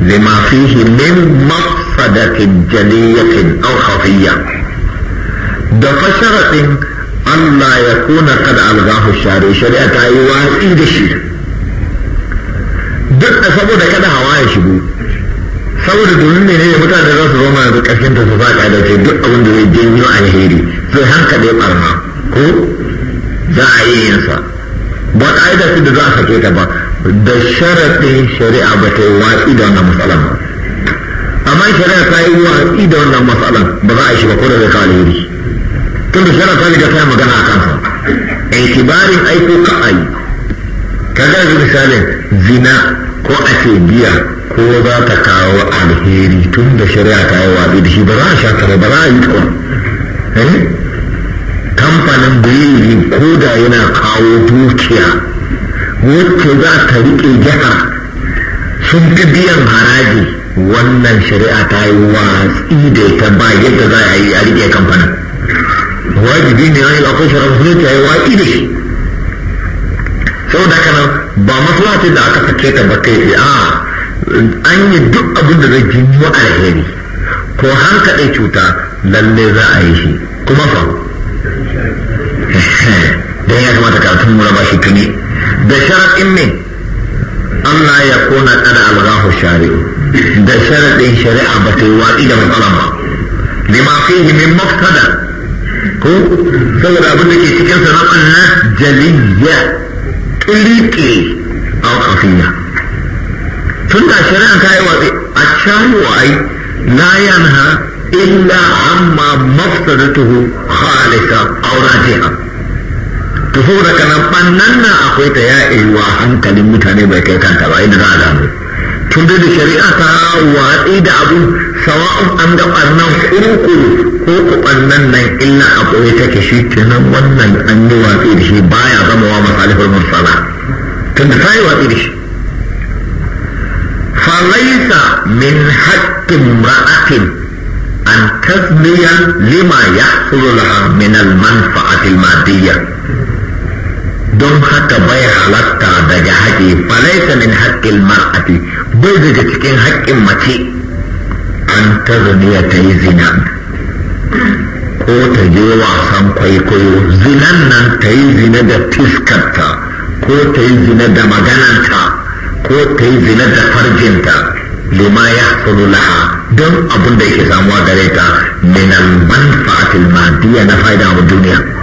لما فيه من مفسدة جلية أو خفية دفشرة لا يكون قد ألغاه الشارع شريعة أيوة إيد الشيء duk da saboda kada hawa ya shigo saboda domin ne ne mutane za su zo mana da ƙarshen ta su faɗa da duk abin da zai janyo alheri zai hankali ɓarna ko za a yi yinsa ba ƙa'ida da za a sake ta ba da sharaɗin shari'a ba ta yi watsi da wannan matsalan amma shari'a ta yi watsi da wannan matsalan ba za a shiga ko da zai kawo alheri tun da shari'a ta da ta magana a kansa itibarin aiko ka a yi ka ga misali zina ko a ce biya ko za ta kawo alheri tun da shari'a ta yi watsi da shi ba za a sha kare ba za a yi tsawon eh? kamfanin birnin ko da yana kawo dukiya wacce za ta riƙe jiha sun fi biyan haraji wannan shari'a ta yi watsi da ita ba yadda za a yi a riƙe kamfanin wajibi ne yi akwai shari'a musulunci ta yi watsi da shi saboda haka nan ba maslaha da aka sake ta ba kai a an yi duk abin da zai jinyo alheri ko har kaɗai cuta lalle za a yi shi kuma fa da ya kamata kafin mu raba shi tuni da sharaɗin ne Allah ya kona kada algahu shari'u da sharaɗin shari'a ba ta yi waɗi da matsala ba lima yi min mafsada ko saboda abin da ke cikin sana'an na jaliyya kirki a kafiya tun da shari'a ta yi waɗi a can wa'ai la yanha illa amma mafsadatuhu khalisa auratiha to da kanan bannan nan akwai ta ya wa hankalin mutane bai kai kanta ba inda za a gano tun da shari'a ta watsi da abu sawa'un an ga bannan kurkuru ko ku bannan nan illa a ta take shi kenan wannan an yi watsi da shi baya zama wa masalihul mursala tun da ta yi watsi da shi falaisa min haƙƙin ra'atin an tasbiya lima ya laha min al madiyya don haka bai halatta daga haƙi falaisa min haƙƙin mar'ati bai daga cikin haƙƙin mace an ta zuniya ta yi zina ko ta je wasan kwaikwayo zinan nan ta yi zina da fiskarta ko ta yi zina da magananta ko ta yi zina da farjinta lima ya laha don abin da yake samuwa gare ta ban almanfa'atil madiya na fa'ida wa duniya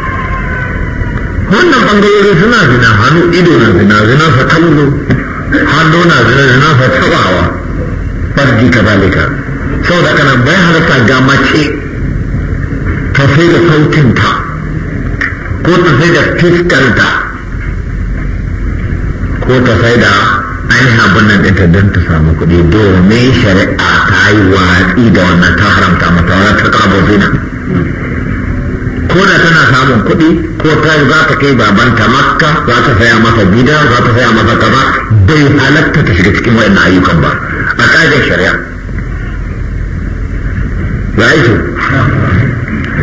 wannan bangarori suna zina hannu ido na zina zina fa kallo hannu na zina zina fa tabawa farji ka zalika saboda kana bai halatta ga mace ta sai da ta, ko ta sai da ta, ko ta sai da ainihin abin nan ɗinta don ta samu kuɗi domin shari'a ta yi watsi da wannan ta haramta mata wani ta ƙarfa zina ko da tana samun kuɗi ko ta za ta kai babanta makka za ta saya masa gida za ta saya masa kaza bai halatta ta shiga cikin wayannan ayyukan ba a ƙa'idar shari'a ya yi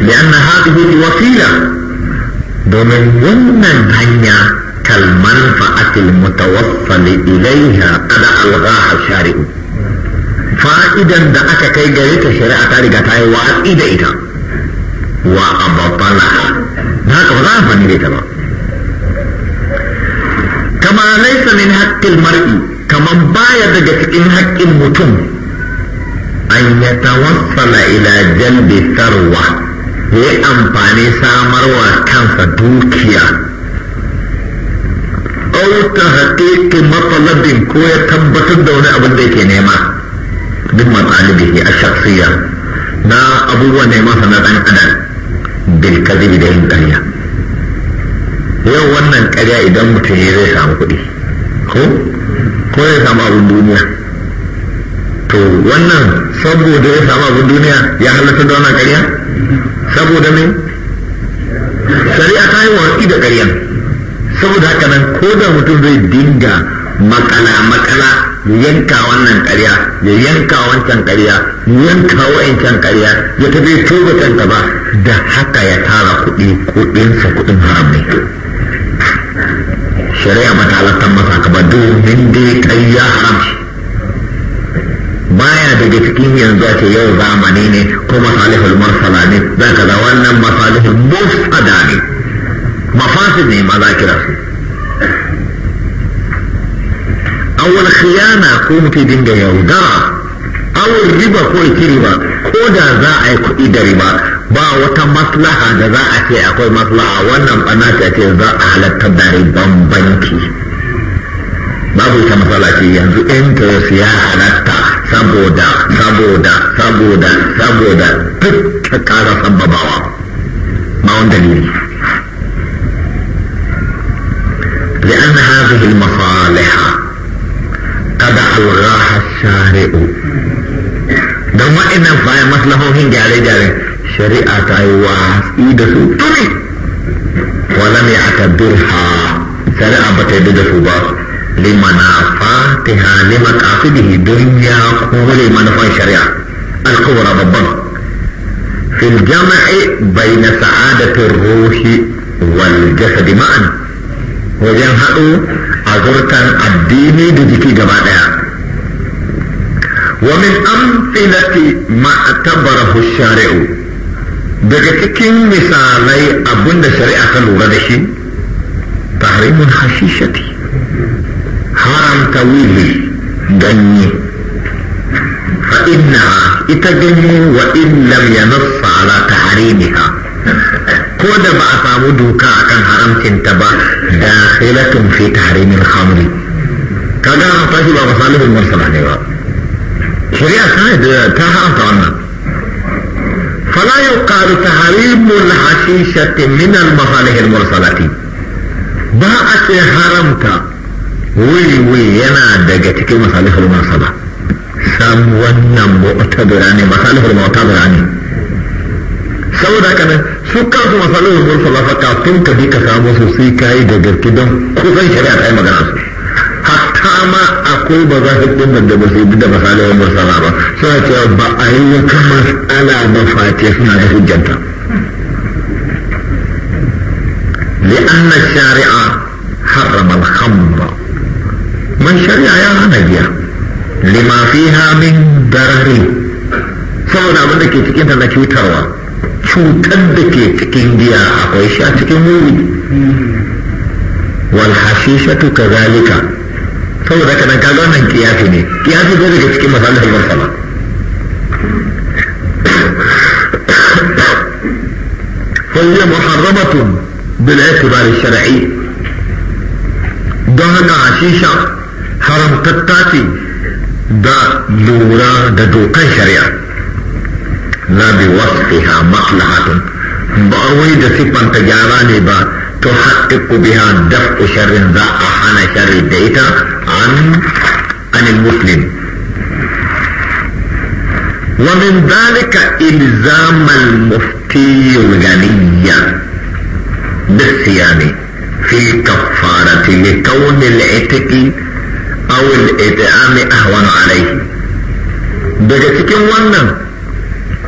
لأن هذه الوسيلة domin wannan hanya kalman fa'atil mutawassali ilaiha kada alghaha shari'u fa'idan da aka kai gare ta shari'a ta riga ta yi watsi ita wa abatalaha da haka ba za a amfani da ita ba kama laisa min haƙƙin mar'i kaman baya daga cikin haƙƙin mutum an ya tawassala ila jalbi sarwa ya yi amfani samarwa kansa dukiya ɗauka haƙiƙi matsalabin ko ya tabbatar da wani abin da yake nema duk matsalibihi a shaksiya na abubuwan nema sana ɗan adal bil kadhibi da yin karya yau wannan karya idan mutum ya zai samu kuɗi ko ko zai samu abin duniya to wannan saboda ya samu abin duniya ya halatta da wannan karya saboda me shari'a ta yi watsi da karya saboda haka nan ko da mutum zai dinga makala makala yanka wannan karya ya yanka wancan ƙarya yanka wa'incan karya ya tafi tobe can da haka ya tara kuɗi kuɗinsa kuɗin haram ne shari'a mata ta masa kaba ba domin dai kai ya haramci baya daga cikin yanzu ake yau zamani ne ko masalihul marsala ne za ka za wannan masalihul mufsada ne mafasid ne ma za kira su awal khiyana ko mutu dinga yaudara awal riba ko ikiri ba ko da za a yi kuɗi da riba ba wata maslaha da za a ce akwai maslaha wannan bana ta ce za a halatta da riban banki babu ita matsala ce yanzu interest ya halatta saboda saboda saboda saboda duk ta kara sababawa ma wanda dalili لأن هذه المصالح قد ألغاها الشارع don wa'annan bayan maslahohin gyare-gyare shari'a ta yi watsi da su turi wala mai aka birha shari'a ba ta yi da su ba limana fatiha lima da don ya kore manafan shari'a alkawara babban fil jama'i bai na sa'adatin roshi wal jasadi ma'an wajen haɗu azurtan addini da jiki gaba ɗaya ومن أمثلة ما اعتبره الشارع daga cikin misalai abinda shari'a ta lura da shi tahrimun hashishati haramta wili ganye fa inna ita ganye wa in lam yanassa ala tahrimiha ko da ba a samu doka akan haramcinta ba da khilatun fi tahrimin khamri kaga ta shi ba masalihul mursala ne ba shari'a ta ta haramta wannan فلا يقال تحريم الحشيشة من المصالح المرسلة باعت حرمت وي وي ينا دقتك مصالح المرسلة سام ونم مؤتبراني مصالح المؤتبراني saboda haka nan su kansu masalin rubar falafa kafin ka bi ka samu su sai ka yi da gaske ma akwai ba za su ɗin da ba su yi da ba sa masala ba suna cewa ba a yi wata masala ba face suna da hujjanta لأن الشارع حرم الخمر من شرع يا هنجيا لما فيها من ضرر saboda abin da ke cikin ta na cutarwa cutar da ke cikin giya akwai sha cikin wuri wal hashishatu kazalika saboda haka nan kaga wannan kiyasi ne kiyasi ne daga cikin masalihul mursala فهي محرمة بالاعتبار الشرعي دهنا عشيشة حرم تتاتي دا لورا دا دوقا شريعة لا بوصفها مصلحة بأوي دا سيبان تجاراني با تحقق بها دفع شر ذا أحانا شر ديتا عن عن المسلم ومن ذلك إلزام المفتي الغنية بالصيام في كفارة لكون العتق أو الإطعام أهون عليه بجسك ونن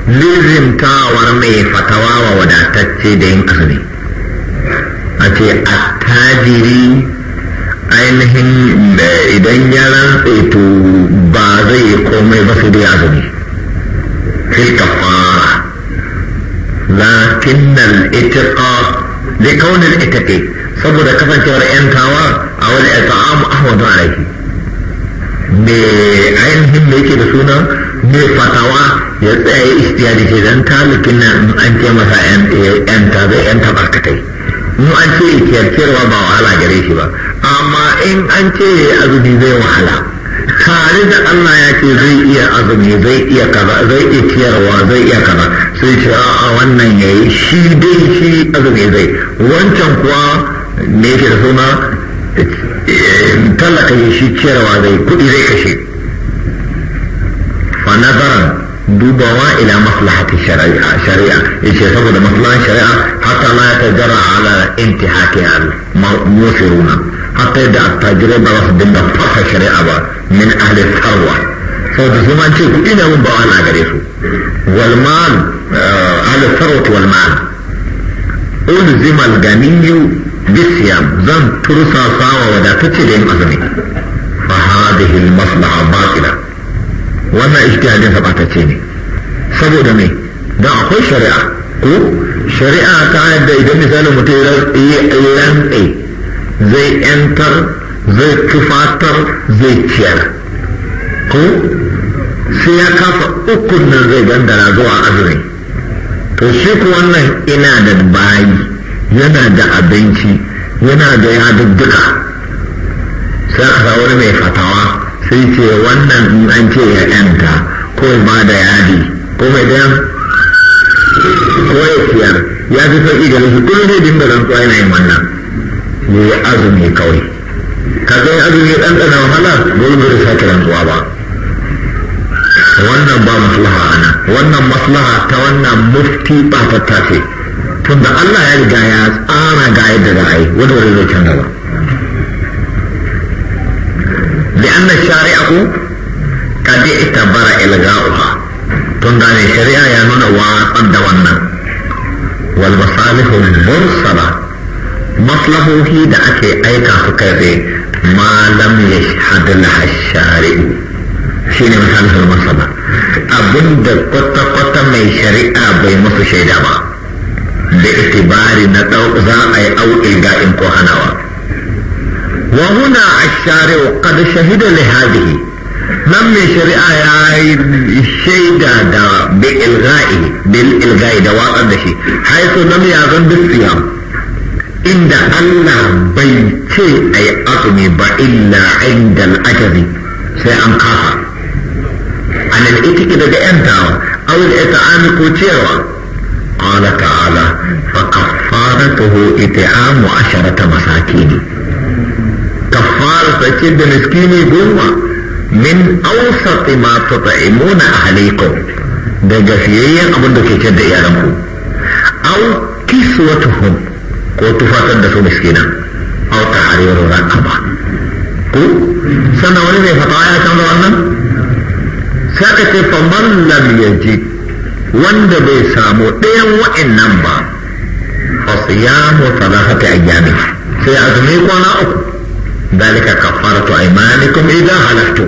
لازم تا ورمي فتوى ودا تتسي أغني أتي أتاجري ainihin idan ya rantse to ba zai komai ba sai dai azumi filka fara lakin al-itiqa da kaunin ita ke saboda kasancewar yan kawa a wani a a aiki me ainihin da yake da suna me fatawa ya tsaya ya ke zan dan talikin nan an ce masa yan eh, ta zai yan ta barkatai mu an ce ikiyarciyarwa ba wahala gare shi ba amma in an ce azumi zai wahala tare da Allah ya ce zai iya azumi zai iya kaza zai iya ciyarwa zai iya kaza sai ce a wannan yayi shi dai shi azumi zai wancan kuwa me da suna talaka ya shi ciyarwa zai kuɗi zai kashe fa dubawa ila maslahatin shari'a shari'a yace saboda maslahan shari'a hatta la ta jara ala intihakiha musiruna Akai da attajirai ba za su dinga fasa shari'a ba min ahli sarwa saboda su man ce kuɗi ne mun ba na gare su walman ahli sarwa walman ul zimal ganiyu bisiyam zan tursa sawa wadatacce da yin azumi fa hadhihi al-maslaha batila wannan ijtihadin sa ce ne saboda me da akwai shari'a ko shari'a ta yadda idan misalin mutum ya rantsa zai yantar zai tufatar zai ciyar ko sai ya kafa ukun nan zai gandara zuwa azumi to shi ku wannan ina da bayi yana da abinci yana da duka sai aka wani mai fatawa sai ce wannan an ce ya yanta ko ba da yadi ko mai dan ko ya ciyar ya fi sauƙi ga su kullum zai dinga rantsuwa yana yin wannan ya yi azumi kawai kaga yin azumi dan ɗana wahala dole bai sake rantsuwa ba wannan ba maslaha ana wannan maslaha ta wannan mufti ba fatta ce tunda Allah ya riga ya tsara ga yadda za a yi wani wani zai canza ba لأن الشارع قد shari'a ya nuna wa يانون wannan. wal والمصالح mursala maslahohi da ake aika su kai tsaye malam ya shahadar hashari'u shi ne misalin masana abin da kwata-kwata mai shari'a bai musu shaida ba da itibari na za a yi ga in ko hanawa wa huna ashari'u kada shahida li hadhihi nan mai shari'a ya yi shaida da bil ilga'i da watsar da shi haisu zan yazan bisiyam inda Allah bai ce a yi azumi ba illa inda al'ajari sai an kafa a nan ke daga yan tawa awul ita'ami ko cewa qala ta'ala fa kaffaratuhu it'amu asharata masakin ta ce da miskini goma min awsati ma tut'imuna ahlikum daga fiyayyen abin da ke ce da iyalanku aw kiswatuhum ko tufatar da su miskina aw tahriru raqaba ko sannan wani mai fatawa ya canza wannan sai ka ce fa man lam yajid wanda bai samu ɗayan wa'annan ba fa siyamu thalathati ayyami sai azumi kwana uku dalika kafaratu kuma idan halaftu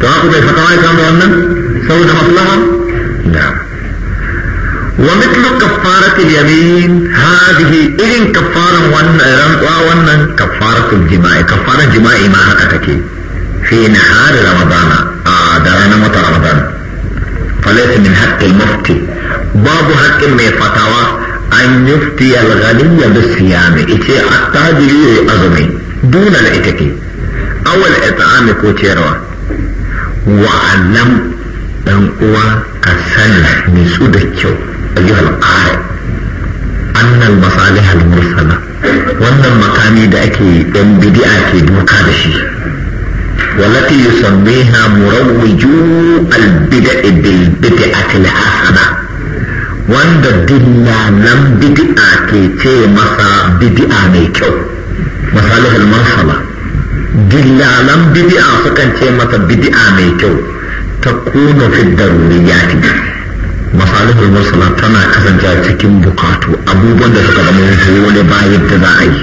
to aku bai fatawa ya canza wannan saboda maslaha na'am ومثل كفارة اليمين هذه إذن كفارة وانا كفارة الجماع كفارة الجماع ما هكتك في نهار رمضان آدرنا مت رمضان فليس من حق المفتي باب حق من فتوى أن يفتي الغني بالصيام إتي أتاجي أزمي دون الإتكي أو الإطعام كوتيروا وعلم أن uwa ka sani mai su da kyau ajiyar alƙari annan masalihar mursala wannan makami da ake yan bid'a ke duka da shi walati yusammiha murawwiju albid'i bil bid'ati alhasana wanda dilla nan bidi'a ke ce masa bidi'a mai kyau masalihar mursala dillalan bidi'a sukan ce masa bidi'a mai kyau ta kuna fi daruriyati masalihul mursala tana a cikin bukatu abubuwan da suka zama wani ba yadda za a yi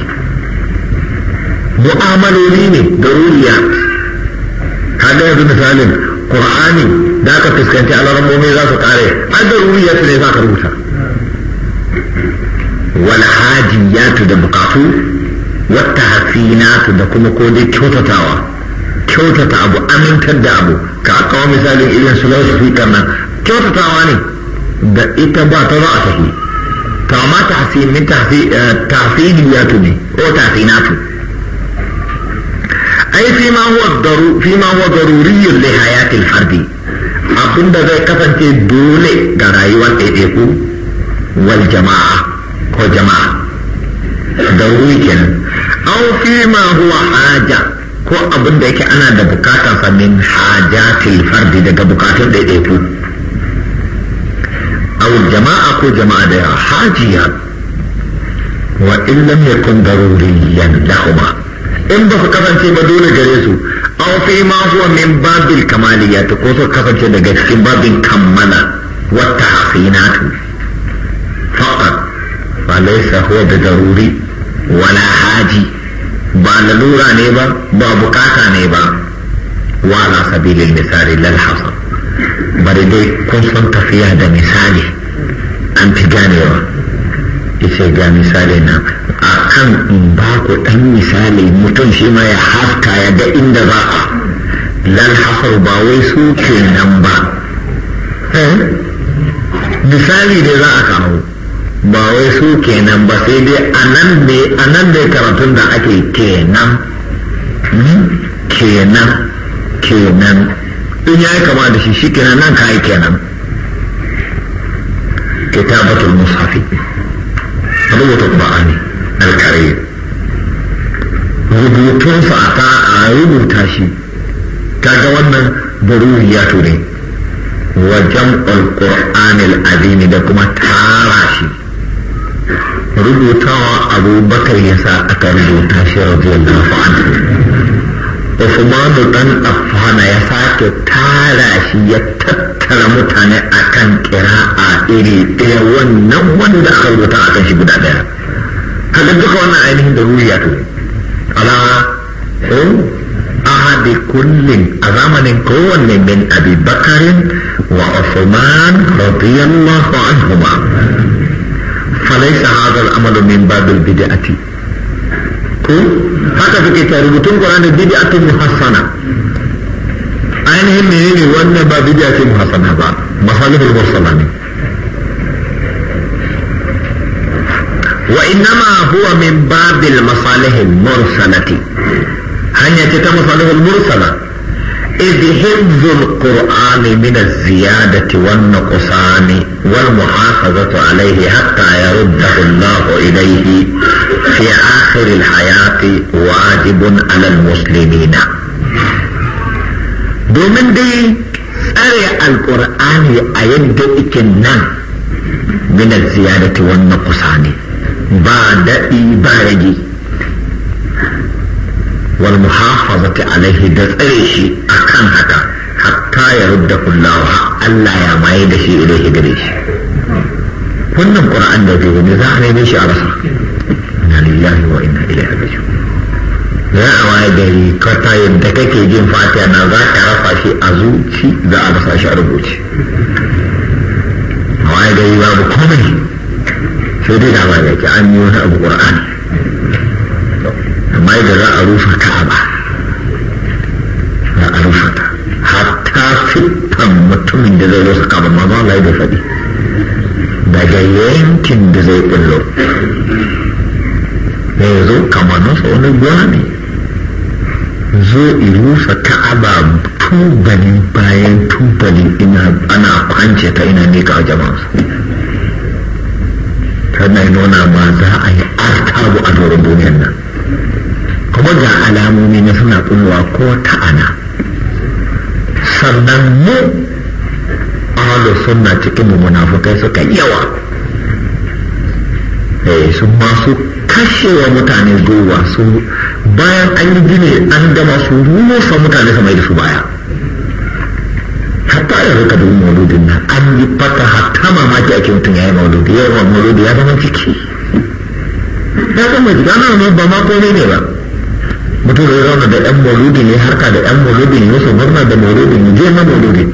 mu'amaloli ne da ruriya kaga yanzu misalin ƙura'ani da aka fuskanci alarmomi za su kare an da ruriya su ne za ka rubuta wani wal ya da bukatu wata hafi hasinatu da kuma ko dai kyautatawa kyautata abu amintar da abu ka kawo misalin irin su lausu fi kyautatawa ne da ita ba ta za a tafi kama tafsirin tafsiriyatu eh, ne ko tafsinatu ai fi ma huwa daru fi ma huwa daruriyyun li hayatil fardi abin da zai kasance dole ga rayuwar ɗaiɗaiku wal jama'a ko jama'a daruri kenan aw fi ma huwa haja ko abin da yake ana da bukatar sa min hajatil fardi daga bukatun ɗaiɗaiku أو الجماعة كو جماعة بها حاجيا وإن لم يكن ضروريا لهما إن بس كفن شيء بدون جريسو أو فيما هو من باب الكماليات كوسو كفن شيء دقيت من باب الكمالة والتحسينات فقط فليس هو بضروري ولا حاجي ba lalura نيبا ba نيبا bukata ne سبيل المثال sabilin bari dai kun san tafiya da misali an fi ganewa ita ga misali na a kan in ba ku ɗan misali mutum shi ma ya harta ya da inda ba a lal ba wai su ke nan ba eh? misali dai za a kawo ba wai su kenan ba sai dai a nan dai karatun da ake kenan hmm? kenan kenan in ya yi kama da shi shi kenan nan ka yi kenan kitabatul musafi rubuta qur'ani alkarim rubutun sa a rubuta shi ta ga wannan daruriyatu ne wa jam'ul qur'anil da kuma tara shi rubutawa abubakar ya yasa aka rubuta shi radiyallahu lafa'an. Usmanu dan Affana ya sake tara shi ya tattara mutane akan kira'a iri ɗaya wannan wanda aka rubuta akan shi guda ɗaya kaga duka wannan ainihin da ruhiya to ala eh, ahadi kullin a zamanin kowanne min abi bakarin wa Usman radiyallahu anhuma فليس هذا الأمل من باب البدعة haka suke ta rubutun Qur'ani bid'atun muhassana ainihin menene wannan ba bid'a ce muhassana ba masalihul mursala ne wa innama huwa min babil masalihil mursalati hanya ce ta masalihul mursala إذ حفظ القرآن من الزيادة والنقصان والمحافظة عليه حتى يرده الله إليه في آخر الحياة واجب على المسلمين دومن دي أري القرآن أيد yadda من الزيادة والنقصان بعد إبارجي wal muhafazati alaihi da tsare shi akan haka hatta ya rudda kullawa Allah ya maye da shi ilaihi gare shi wannan qur'an da zai gani za a neme shi a rasa inna lillahi wa inna ilaihi raji'un za a waye gari kata yadda kake jin fatiha na za ka rasa shi a zuci za a rasa shi a rubuce a waye gari babu komai sai dai da waye gari an yi wani abu qur'ani amma yadda za a rufa ba za a rufa ta hatta fitan mutumin da zai rufa ka'aba ma ba lai da faɗi daga yankin da zai bullo da ya zo kamaninsa wani gwa ne zo i rusa ka'aba tubali bayan tubali ina ana kwance ta ina ne ga jama'a tana nuna ma za a yi bu a doron duniyar nan kuma ga alamomi na suna kullowa ko ta'ana sannan mu ahlu suna cikin munafukai suka yawa eh sun ma kashewa mutane gwiwa su bayan an yi gine an gama su rusa mutane sama da su baya hatta yanzu ka dubi mauludin nan an yi fata hatta mamaki ake mutum ya yi mauludi ya yi mauludi ya zama ciki ya zama ciki ana ba ma komai ne ba mutum ya zauna da yan mauludin ne harka da yan mauludin ne musu murna da mauludin ne je na mauludin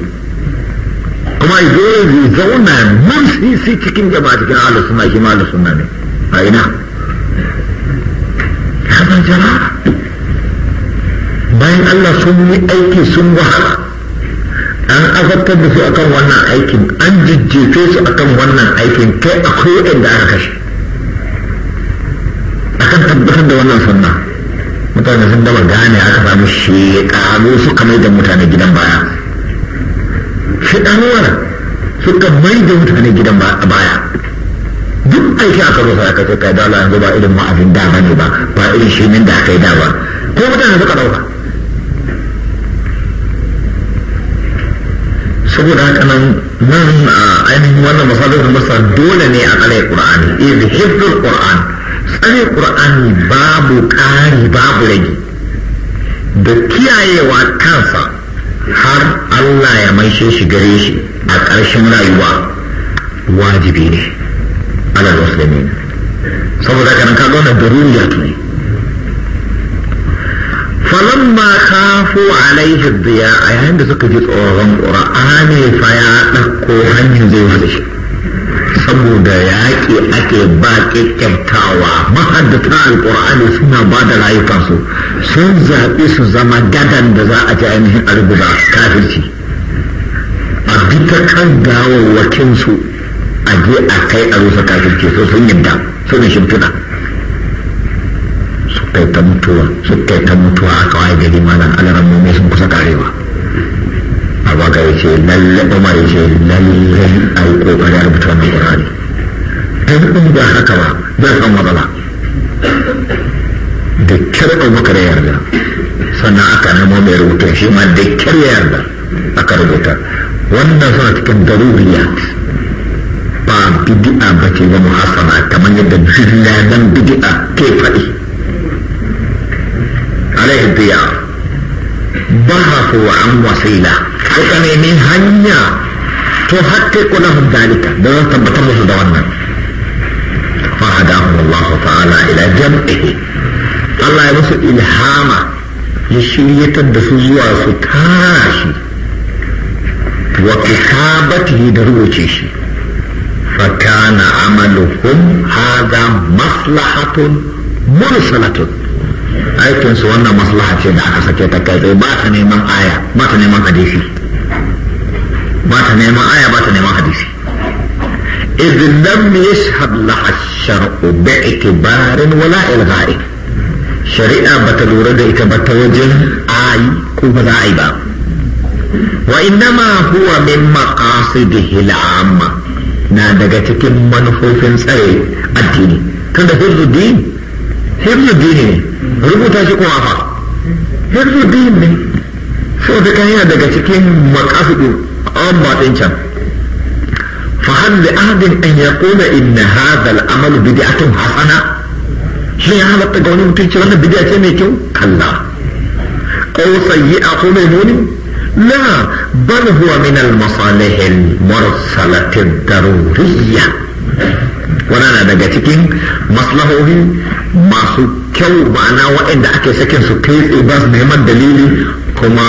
kuma ya zo ya zauna mursi sisi cikin jama'a cikin ahlus sunna shi ma ahlus sunna ne a ina kamar jara bayan Allah sun yi aiki sun wahala an azabtar da su akan wannan aikin an jijjefe su akan wannan aikin kai akwai yadda aka kashe akan tabbatar da wannan sunna mutane sun daba gane aka samu shekaru suka mai da mutane gidan baya shekaruwar suka mai da mutane gidan baya duk aiki aka zo sai aka ce kai dala yanzu ba irin ma'afin da ba ne ba ba irin shi min da aka yi da ba ko mutane suka dauka saboda haka nan nan ainihin wannan masalolin masa dole ne a kalai qur'ani iz hifdul qur'an tsare ƙur'ani babu ƙari babu rage da kiyayewa kansa har Allah ya maishe shi gare shi a ƙarshen rayuwa wajibi ne alal musulmi saboda kan ka gona daruriya ne falamma khafu alaihi diya a yayin da suka ji tsoron ƙur'ani fa ya ɗauko hanyar zai wuce shi saboda yaƙi ake ba ƙyaƙƙyautawa mahaddata alƙur'ani suna ba da rayukansu sun zaɓi su zama gadan da za a ji ainihin alguza kafirci a duka kan su a je a kai a rusa kafirci so sun yadda sun shimfiɗa su kai ta mutuwa a kai ta mutuwa aka waye gari malam sun kusa karewa abaka ya ce lalle umar ya ce lalle a yi kokarin rubuta wannan ta in in ba haka ba zai san matsala da kyar abubakar ya yarda sannan aka nemo mai rubuta shi ma da kyar yarda aka rubuta wannan suna cikin daruriya ba bidi'a ba ce ta muhassana kamar yadda jilladan bidi'a ke faɗi alaihi biya ba hafu an wasila ya nemi hanya to hatta kula hudalika da zan tabbatar musu da wannan fa hadahu Allah ta'ala ila jam'ihi Allah ya musu ilhama ya shiryatar da su zuwa su tara shi wa kitabatihi da rubuce shi fa kana amaluhum hadha maslahatun mursalatun aikinsu wannan maslaha ce da aka sake ta kai ba ta neman aya ba ta neman hadisi ba ta aya ba ta neman hadisi idan sharu wala shari'a ba ta lura da ita ba ta wajen ayi ko ba za a yi ba wa huwa na daga cikin manufofin addini kan da hirzu hirzu ne rubuta shi kuma hirzu ne so da kan yana daga cikin maqasidihi amma din can fa hal li ahadin an yaqula inna hadha al-amal bid'atun hasana shin ya halatta ga wani mutum ce wannan bid'a ce a kyau kalla aw sayyi'a ko mai muni la bal huwa min al-masalih al-mursalah ad-daruriyya wannan na daga cikin maslahohi masu kyau ma'ana waɗanda ake sakin su kai bas ba su neman dalili kuma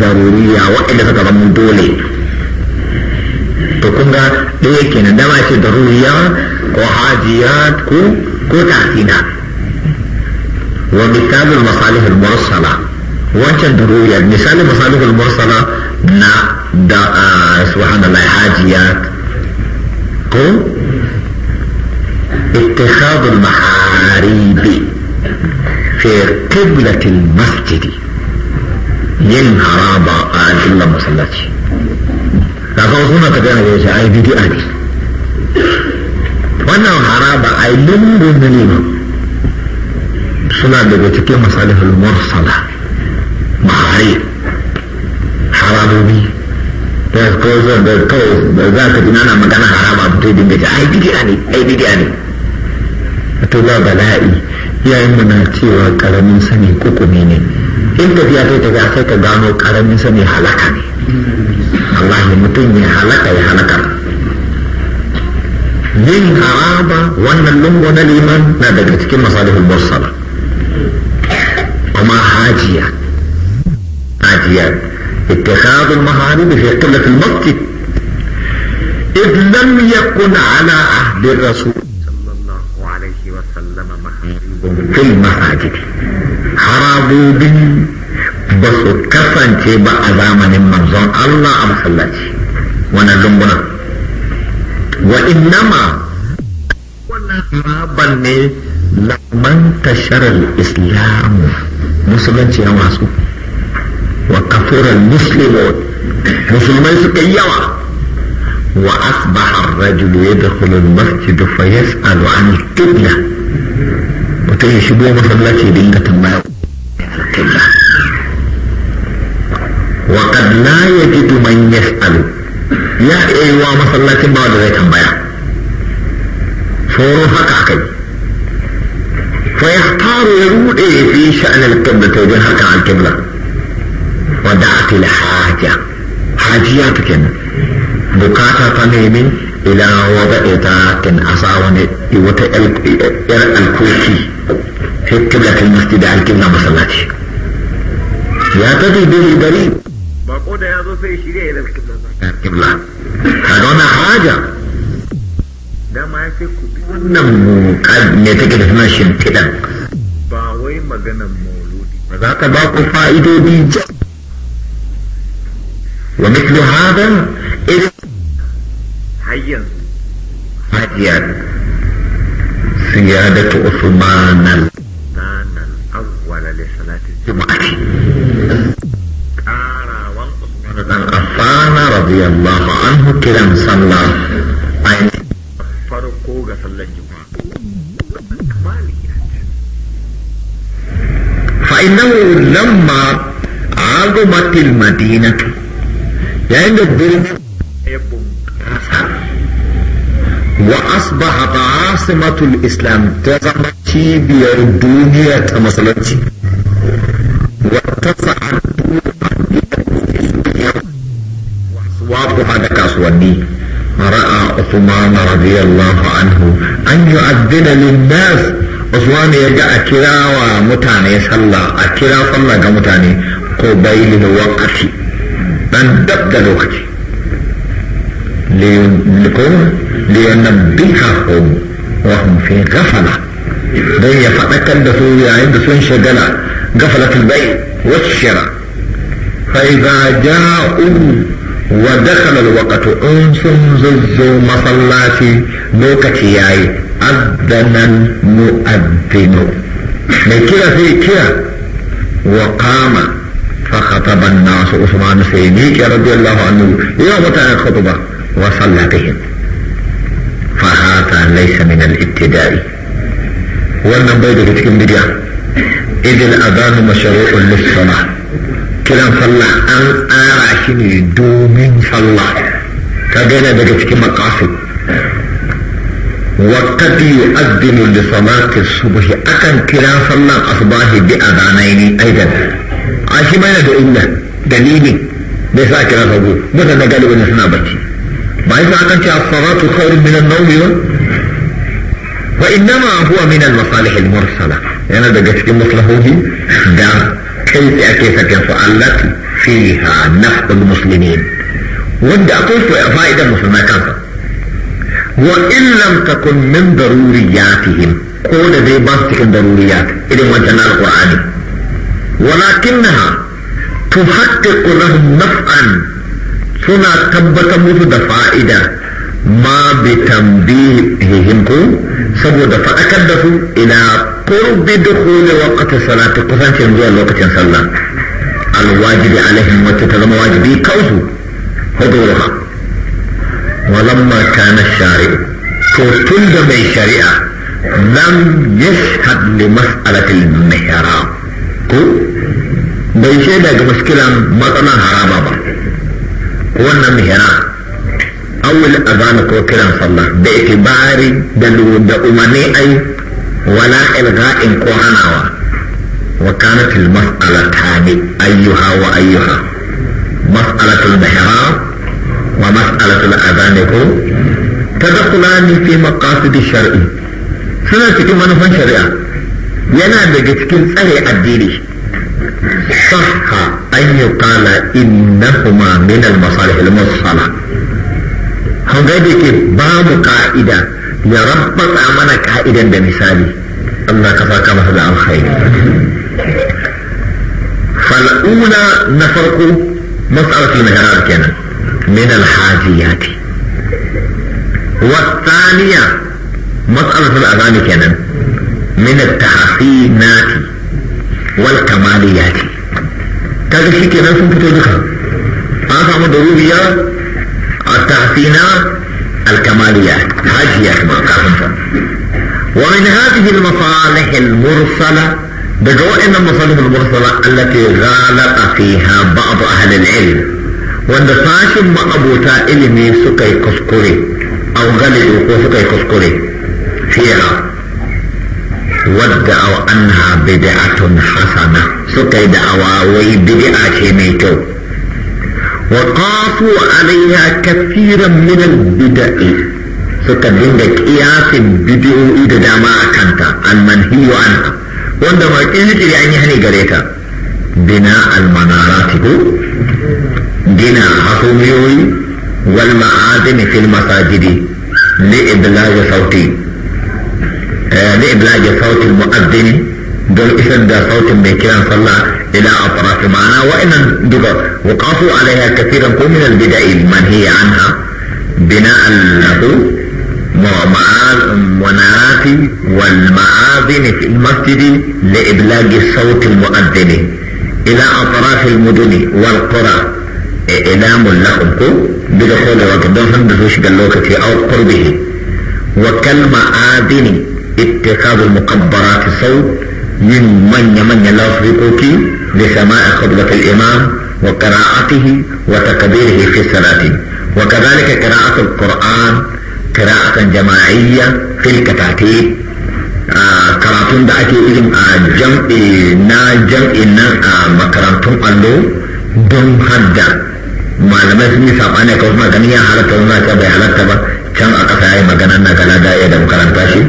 daruriya waɗanda suka zama dole to kun ga ɗaya kenan dama ce da ruya ko hajiyat ko ko ta'ina wa misalul masalihul mursala wancan da ruya misalul masalihul mursala na da subhanallah hajiyat ko اتخاذ المحاريب في قبلة المسجد yin haraba a al'ummar masallaci kaga suna ka jana da shi ai bid'a ne wannan haraba ai lambun ne ba suna daga cikin masalihul mursala mahari harabobi da kawai da kawai da za ka jina na magana haraba mutum dinga ji ai bid'a ne ai bid'a ne to ba bala'i yayin mana cewa karamin sani kukumi ne in tafiya kai ta ga kai ka gano karamin sani halaka ne Allah ya mutum ya halaka ya halakar yin haraba wannan lungu na liman na daga cikin masalihul mursala kuma hajiya hajiya اتخاذ المهارب في قلة المسجد إذ لم يكن على عهد الرسول صلى الله عليه وسلم محارب في المساجد حرابوا بالمسجد ba su kasance ba a zamanin manzon Allah a masallaci wannan lumbuna wa innama wannan haraban ne laman tasharar islamu musulunci ya masu wa kafurar muslimon musulmai suka yi yawa wa asbaha rajulu ya da al-masjid fa yas'alu an al-qibla mutum ya shigo masallaci dinga tambaya al-qibla وقد لا يجد من يسأل يا ايوا مسلاتي ما ولا تنبيا فورو حق حقي فيختار يرود إيه في شأن القبلة وجهك عن القبلة ودعت الحاجة حاجيات كن بكاتا تنيمين إلى وضع ذات أصاوني إيوة وتأل الكوشي في قبلة المسجد على القبلة مسلاتي يا تدي بري بريد ده هذا سيشير إلى القبلة القبلة هذا ما حاجة da ma sai ku bi wannan ne take da suna shimfiɗan ba wai maganan mauludi ba za ta ba ku fa'idodi ja wa mislu hada is hayyan hadiyan siyadatu usman al-awwal li salati jumu'ah radiyallahu anhu kiran sallah ainihin farko ga sallar juma'a fa innahu lamma azumat almadina yayin da birnin ya bunkasa wa asbaha ba'asimat islam ta zama cibiyar duniya ta masalanci wa ta sa'ad kasuwa da kasuwanni ra'a Uthman radiyallahu anhu an yu'azzina lin-nas Usman ya ga a kirawa mutane sallah a kira sallah ga mutane ko bayin waqti dan dab da lokaci لينبههم وهم في غفلة دون يفتكر دسو يعين دسو انشغلة غفلة البيع والشراء فإذا جاءوا ودخل الوقت أنس زوجو مصلاتي لوكتي ياي أذن المؤذن لكلا في كلا وقام فخطب الناس عثمان سيديك رضي الله عنه يا متى الخطبة وصلى بهم فهذا ليس من الابتداء وانا بيضة تكون بديا إذ الأذان مشروع للصلاة kiran sallah an ara shi ne domin sallah ka gane daga cikin makasu wattafi yu'addinu li salati subhi akan kira sallah asbahi bi adanaini aidan a shi mai da illa dalili bai sa kira sabo mutan da galibin suna bacci ba yasa akan ce as-salatu khairun min an-nawm ba innama huwa min al-masalih al-mursala yana daga cikin maslahohi da كيف كيف فعلت فيها نفط المسلمين ودي أقول فائدة ما كانت وإن لم تكن من ضرورياتهم قول ذي باستك ضروريات إذن وجنا القرآن ولكنها تحقق لهم نفعا ثم تبت مفد فائدة ما بتنبيههم saboda faɗakar da su ila qurbi dukhul waqti salati kusancin zuwa lokacin sallah alwajibi alaihim wacce ta zama wajibi kausu huduruha walamma kana shari'u to tun da mai shari'a lam yashhad li mas'alatil mihram ko bai shaida ga maskilan matsalan haraba ba wannan mihram awul azana ko kiran sallah da itibari da da umani ai wala ilga'in ko hanawa wa kanat al mas'ala tabi ayyuha wa ayyuha mas'alatul ihram wa mas'alatul azan ko tadkhulani fi maqasid shar'i suna cikin manufan shari'a yana daga cikin tsare addini صح أن يقال إنهما من المصالح المصلحة an ga da ke ba mu ka'ida ya rabbata mana ka'idan da misali Allah ka faka masa da alkhairi fal'ula na farko mas'alatul mihrab kenan min alhajiyati wa thaniya mas'alatul azami kenan min at-tahsinati wal kamaliyati kaga shi kenan sun fito duka an samu da rubiya قطع فينا الكماليات حج يا ومن هذه المصالح المرسلة بجوء ان المصالح المرسلة التي غالط فيها بعض اهل العلم وان فاشم ما مأبوتا علمي سكي كسكري او غلدوا وسكي كسكري فيها ودعوا انها بدعة حسنة سكي دعوا وي بدعة ميتو وقافوا عليها كثيرا من البدع suka dinga kiyasin bidiyoyi da dama a kanta almanhiyu anha wanda ma kirkiri an yi hani gare ta bina almanarati ko gina hasumiyoyi wal ma'azin fil masajidi ne iblaj sauti li iblaj sauti mu'azzini don isar da sautin mai kiran sallah إلى أطراف معنا وإن الدقر وقفوا عليها كثيرا من البدع المنهي عنها بناء له والمنارات والمآذن في المسجد لإبلاغ صوت المؤذن إلى أطراف المدن والقرى إيه، إعلام لهم بدخول وقدهم بفوش في أو قربه وكالمآذن اتخاذ المقبرات صوت yin manya-manyan lausrikoki da sama'a kablatul imam wa qira'atihi wa takbirihi fi salati wa kadhalika qira'atul qur'an qira'atan jama'iyya fil a karatun da ake irin a jam'i na jam'i na a makarantun allo don hadda malamai sun yi saɓani ko kuma ganin ya halatta wani ta bai halatta ba can a ƙasa ya yi magana na gala da ya da makaranta shi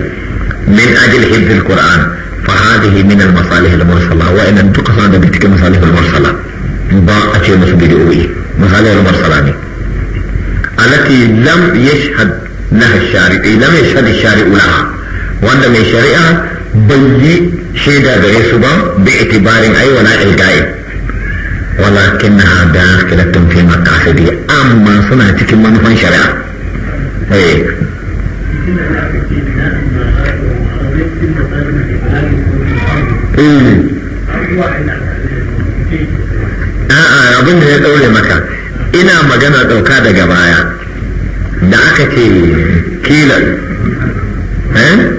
min ajil hibbil qur'an فهذه من المصالح المرسلة وإن تقصى بتلك المصالح المرسلة باء شيء مسجد مصالح المرسلة التي لم يشهد لها الشارع لم يشهد الشارع لها وأن من شريعة بي شيدا بريسبا باعتبار أي ولا إلقاء ولكنها داخلة في مقاصد أما صنعتك من شريعة Eh. a'a abin da ya ɗaure maka ina magana ɗauka daga baya da aka ce kila eh?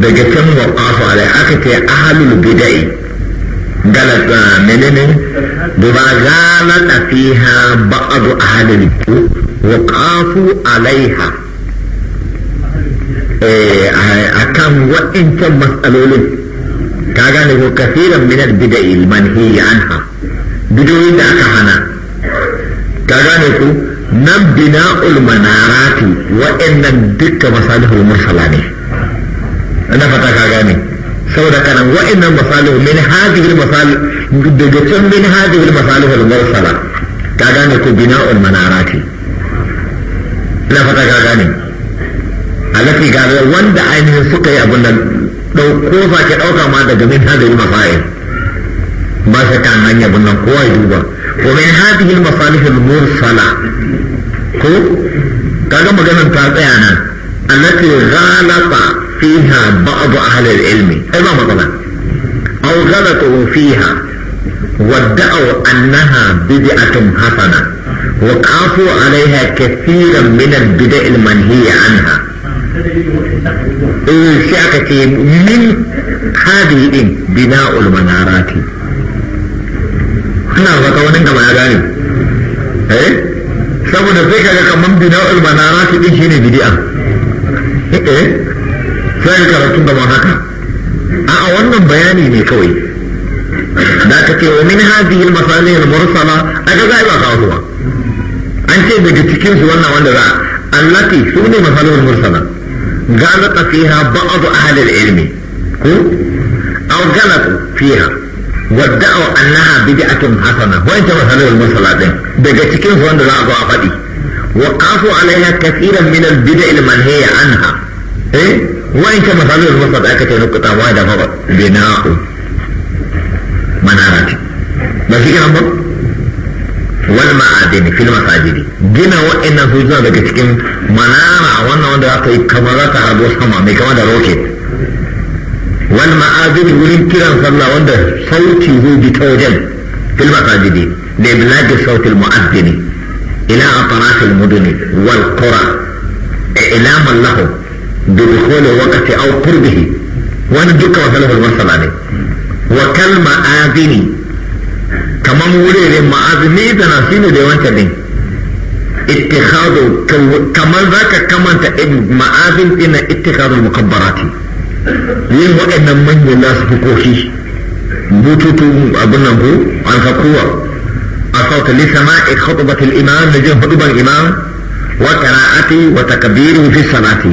daga can waƙafu alai aka ce ahalul bidai galata ah, menene ba galata fiha ba'adu ahalul waƙafu alaiha Eh, a kan waɗancan matsalolin ka gane ko kasiran minar bida'i an ha bidoyi da aka hana ka gane ku nan bina manarati waɗannan dukkan masalihul mursala ne ana fata ka gane saboda kanan waɗannan masalihu min hadihil masalihu daga can min hadihil masalihul mursala ka gane ku bina manarati ana fata ka gane alati gare wanda ainihin suka yi abin nan ko sake ɗauka ma daga min hadhihi masalih ba su kan hanya abin nan kowa ya duba wa min hadhihi masalih al-mursala ko kaga maganin ta tsaya nan alati ghalata fiha ba'd ahli al-ilm ai ba matsala aw ghalatu fiha وادعوا أنها بدعة حسنة وقافوا عليها كثيرا من البدع المنهي عنها eh sai aka ce min hadi din bina'ul manarati ina fata wani gaba ya gane eh saboda sai kaga kaman bina'ul manarati din shine bid'a eh sai karatu gaban haka a wannan bayani ne kawai da ka ce wa min hadhihi al-masalih al-mursala aka zai ba kawo an ce daga cikin su wannan wanda za allati su ne masalih al-mursala غلط فيها بعض أهل العلم أو غلط فيها وادعوا أنها بدعة حسنة وإنت مثلا المصلاة دقا تكين فوند لا فدي وقافوا عليها كثيرا من البدع المنهية عنها إيه؟ وإنت مثلا المصلاة كتير نقطة واحدة فقط بناء منارات ما في كلام والمعادن في المساجد gina wa'annan su suna daga cikin manara wannan wanda za ka yi kamar za ka hago sama mai kama da roket wal ma'azin wurin kiran sallah wanda sauti zai bi ta wajen fil masajidi da iblagi sautil mu'azzini ila atarafil muduni wal qura e ilaman lahu bi dukhuli waqti aw qurbihi wani duka wasalahul masala ne wa kal ma'azini kaman wurere ma'azini tana shine da yawancin din ittikhadu kamar zaka kamanta ma'azin ina ittikhadul mukabbarati yin waɗannan manyan nasu fukoki bututu abin nan ko alfakuwa a sauta lisama a khutbatul imam da jin hudubar imam wa qira'ati salati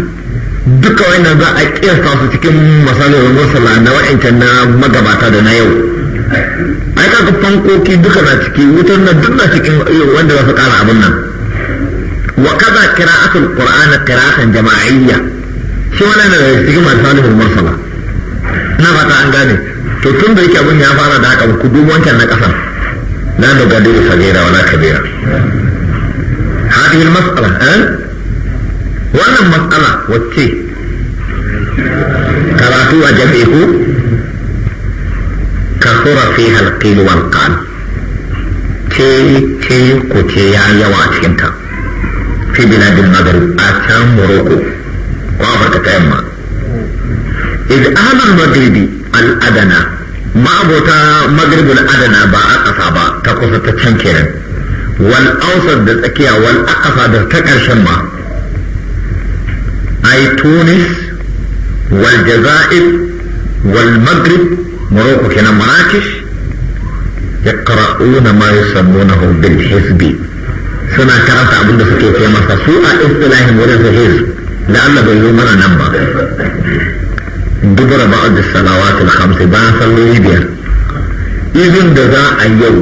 duka wannan za a kiyasta su cikin masalolin musalla na wa'ancan na magabata da na yau ai kaga fankoki duka na ciki wutar na duk na cikin wanda za su kara abin nan وكذا قراءة القرآن قراءة جماعية shi wani daga cikin masu salihul mursala na fata an gane to tun da yake abin ya fara da haka ku dubi wancan na kasar la da gadi sagira wala kabira hadhihi al-mas'ala wannan mas'ala wacce karatu a jami'i ku kasura fiha al-qil ce ce ya yawa a cikinta. في بلاد المغرب عشان وروكو وافريقا تامة إذ أهل المغرب الأدنى ما بوتا مغرب الأدنى با أقصى با تقصى تتشنكرا والأوسط بالأكيا والأقصى بالتكر شما أي تونس والجزائر والمغرب مروكو كنا مراكش يقرؤون ما يسمونه بالحزبي suna karanta abin da suke ce masa su a istilahin wurin su his da Allah bai zo mana nan ba dubura ba'ad da salawatul khamsi bayan salloli biyar izin da za a yau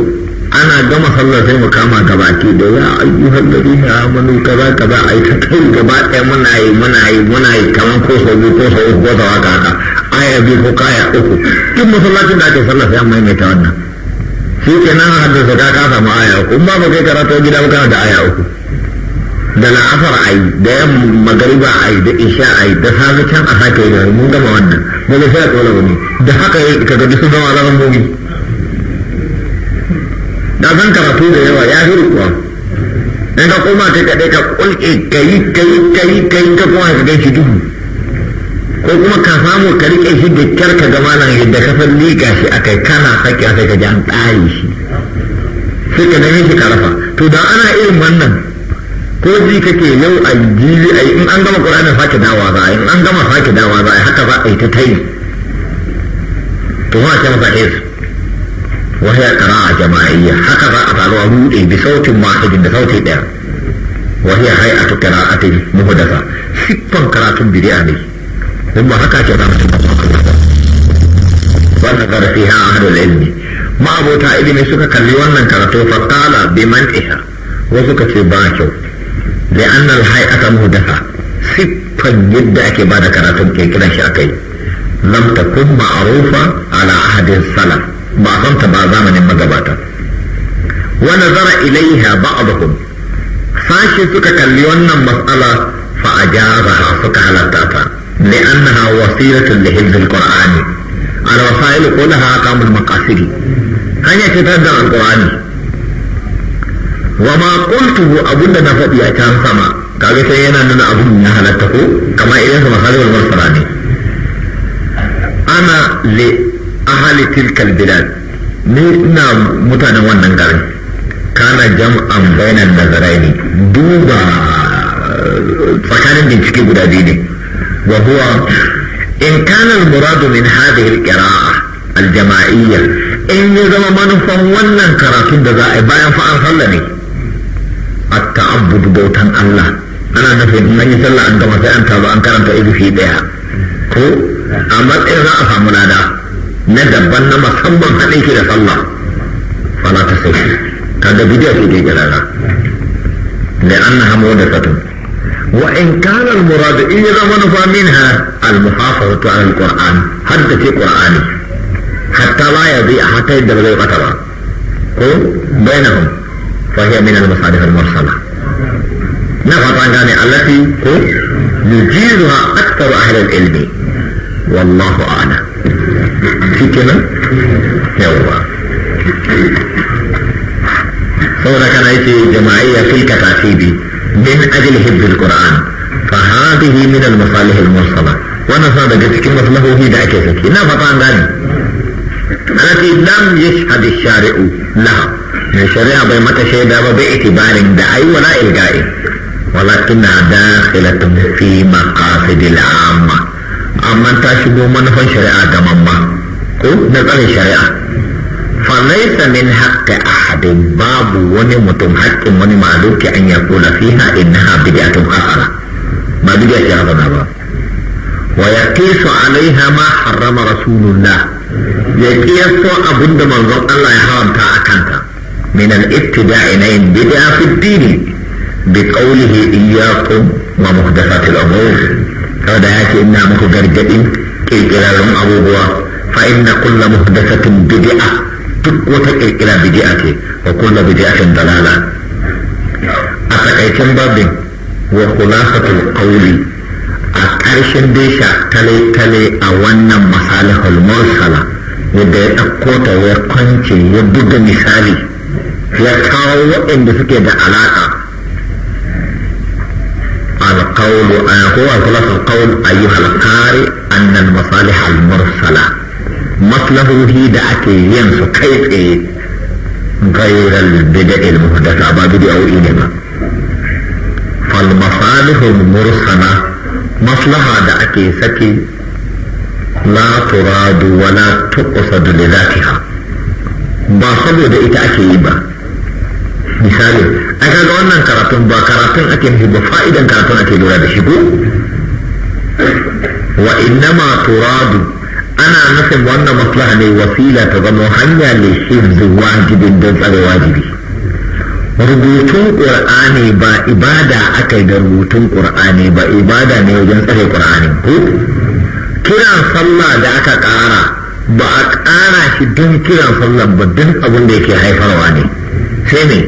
ana gama sallar sai mu kama gabaki da ya ayyuhan ladina amanu kaza kaza ai ta kai gaba ɗaya muna yi muna yi muna yi kamar ko sau biyu ko sau uku ko sau haka haka aya biyu ko kaya uku duk masallacin da ake sallar sai an maimaita wannan shi ke nan haddasa ka ka samu aya uku ba ba kai karatu gida ba kana da aya uku da la'afar a yi da yan magariba a yi da isha a yi da safi can a sake yi da mun gama wannan daga sai a tsola wani da haka ka gaji sun zama zaman bogi da zan karatu da yawa ya fi kuwa in ka koma kai kaɗai ka kulke ka yi ka yi ka ka kuma ka gaishe duhu ko kuma ka samu ka riƙe shi da kyar ka ga malam yadda ka san liƙa shi a kai kana haƙƙi a sai ka ji an tsari shi sai ka neme shi ka rafa to da ana irin wannan ko ji kake yau a yi a in an gama ƙuranin sake dawa za a yi in an gama sake dawa za a yi haka za a yi ta tayi to ma ce masa ɗaya وهي قراءة جماعية هكذا ɗaya. أرودي hai a بصوت a وهي هيئة قراءة Siffan karatun قراءة ne. kuma haka ke zama cikin ba wannan zarafi ha ahlul ilmi ma abota ilimi kalli wannan karatu fa qala bi man isa wasu ka ce ba kyau da annal hay'ata muhdatha siffan yadda ake ba da karatun kirkiran shi akai lam takun ma'rufa ala ahadin salaf ba san ta ba zamanin magabata wa nazara ilaiha ba'dhum sashi suka kalli wannan mas'ala fa ajabaha suka halatta ta لأنها وسيلة لحفظ القرآن الوسائل كلها أقام المقاصد هل يتتبع القرآن وما قلته أبونا نفط يا كان سما كاغي سينا ننا أبونا هلتكو كما إليه مخالب المرسلاني أنا لأهل تلك البلاد نيسنا متنوان وانا كان جمعا بين النظرين دوبا فكان bincike guda biyu ne وهو إن كان المراد من هذه القراءة الجماعية إن يزم من فونا كراتون دزائي باين فأن صلني التعبد بوتا الله أنا نفهم من يسلى أنت مثلا أنت وأن كرمت إذ في بها ko a matsayin za a samu lada na daban na musamman haɗin shi da sallah fala ta sai kaga bidiyar su ke girana da an na hamo da satun وإن كان المراد إذا منفى منها المحافظة على القرآن حتى في القرآن حتى لا يضيع حتى يدبر القتلى بينهم فهي من المصالح المرسلة نفط عن التي يجيزها أكثر أهل العلم والله أعلم في كلمة يوه saboda kana جماعية في fil من أجل حفظ القرآن فهذه من المصالح المرسلة وانا ونصاد جتك مصله هي ذاك سكي نفطان ذلك التي لم يشهد الشارع لها من شريعة بمتى شيدا باعتبار دعي ولا إلقائي ولكنها داخلة في مقاصد العامة أما تشبه من فن شريعة كمما نقل الشريعة فليس من حق أحد باب ونمتم حق معلوك أن يقول فيها إنها بدعة حسنة ما بدعة حسنة ويقيس عليها ما حرم رسول الله يقيس أبند من ظل الله يحرم تاعكانتا من الابتداء نين بدعة في الدين بقوله إياكم ومحدثات الأمور هذا يأتي إنها مخدر جديد كي بوا فإن كل محدثة بدعة duk wata kirkira bidi'a ce wa kullu bid'atin dalala a takaicen babin wa khulasatul qawli a ƙarshen dai sha tale tale a wannan masalihul mursala wanda ya ɗauko ta ya kwance ya buga misali ya kawo waɗanda suke da alaƙa القول هو خلاص القول أيها القارئ أن المصالح المرسلة maslahohi da ake yin su kai tsaye gairar bida'il muhdasa ba bida'o'i ne ba fal masalihul mursana maslaha da ake saki la turadu wa la tuqsadu li zatiha ba saboda ita ake yi ba misali ai kaga wannan karatun ba karatun ake nufi ba fa'idan karatun ake lura da shi ko wa innama turadu ana nufin wannan maslaha ne wasila ta zama hanya ne shi wajibin don tsare wajibi rubutun qur'ani ba ibada aka yi da rubutun qur'ani ba ibada ne wajen tsare qur'ani ko kiran sallah da aka kara ba a kara shi don kiran sallah ba don abin da yake haifarwa ne sai ne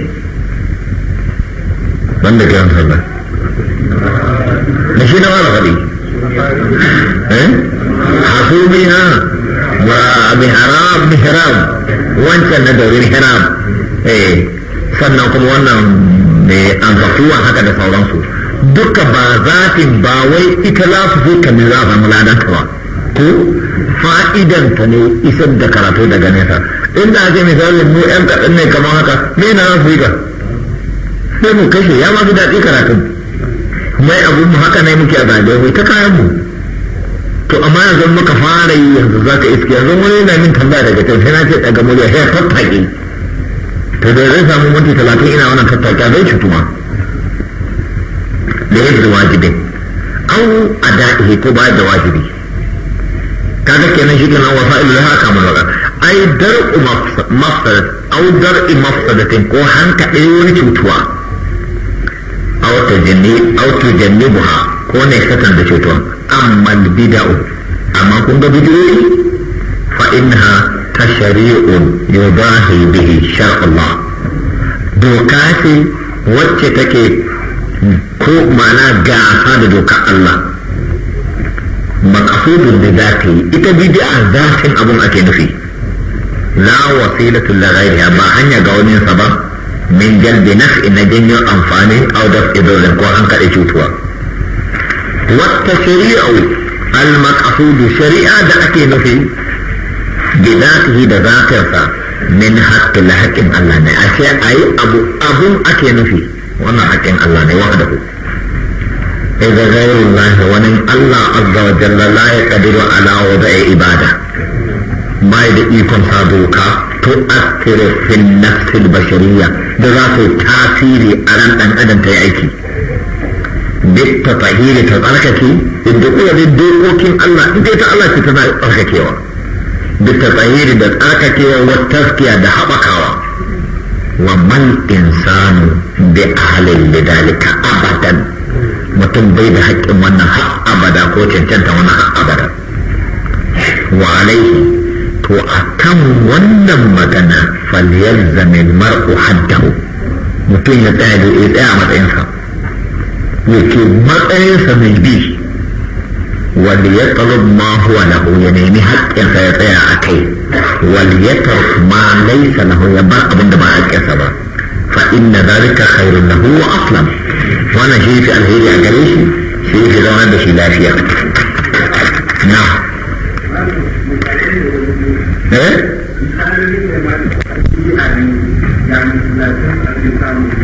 wanda kiran sallah na shi na fara faɗi eh hasu biha mihrab mihrab wancan na daurin sannan kuma wannan mai amfatuwa haka da sauransu duka ba zatin ba wai ita za su zo kamin za a samu ba ko fa'idan ta ne isar da karatu daga nesa inda ake misalin mu yan kaɗan ne kamar haka me na za su yi ka sai mu kashe ya ma fi daɗi karatun mai abu mu haka ne muke a zagaye ta kayan mu to amma yanzu muka fara yi yanzu za ka iske yanzu wani yana min tambaya daga can sai na ce daga murya sai tattake to da zai samu minti talatin ina wannan tattake zai cutuma da yadda wajibin an a da'ihi ko ba da wajibi kaga kenan shi kenan wasa ilu haka kamar waka ai dar'u mafsadat au dar'i mafsadatin ko hanka ɗaya wani cutuwa au tujannibuha ko ne katan da cutuwa amma bid'u amma kun ga bid'o'i fa innaha tashri'un yudahi bihi shar'ullah doka ce wacce take ko ma'ana gafa da doka Allah maqsudun da za ta yi ita bid'a zatin abun ake nufi la wasilatu la ba hanya ga wani sa ba min jalbi naf'i na janyo amfani au da idorin ko an kaɗe cutuwa والتشريع المقصود شريعة دعتي نفي بذاته دذاكرتا من حق الله حكم الله نعي أشياء أي أبو أبو أكي نفي وانا حكم الله نعي وحده إذا غير الله ونم الله عز وجل لا يقدر على وضع عبادة ما يدعي كن صادوكا تؤثر في النفس البشرية بذاته تاثيري da أن أدم tasiri bitta tahiri ta tsarkake inda kuma da dokokin Allah ita ta Allah ce tana tsarkakewa bitta tahiri da tsarkakewa wa taskiya da haɓakawa wa man insanu bi ahalin lidalika abadan mutum bai da haƙƙin wannan har abada ko cancanta wannan har abada wa alaihi to a kan wannan magana falyalzamil mar'u haddahu mutum ya tsaya da ya tsaya matsayinsa يتبقى سميدي وليطلب ما هو له ينيمي حق يطيع عكي وليترك ما ليس له يبقى من دماء كسبا فإن ذلك خير له وأصلا وانا شيء في الهيري أجريشي شيء في زمان بشي لا فيه نعم ايه؟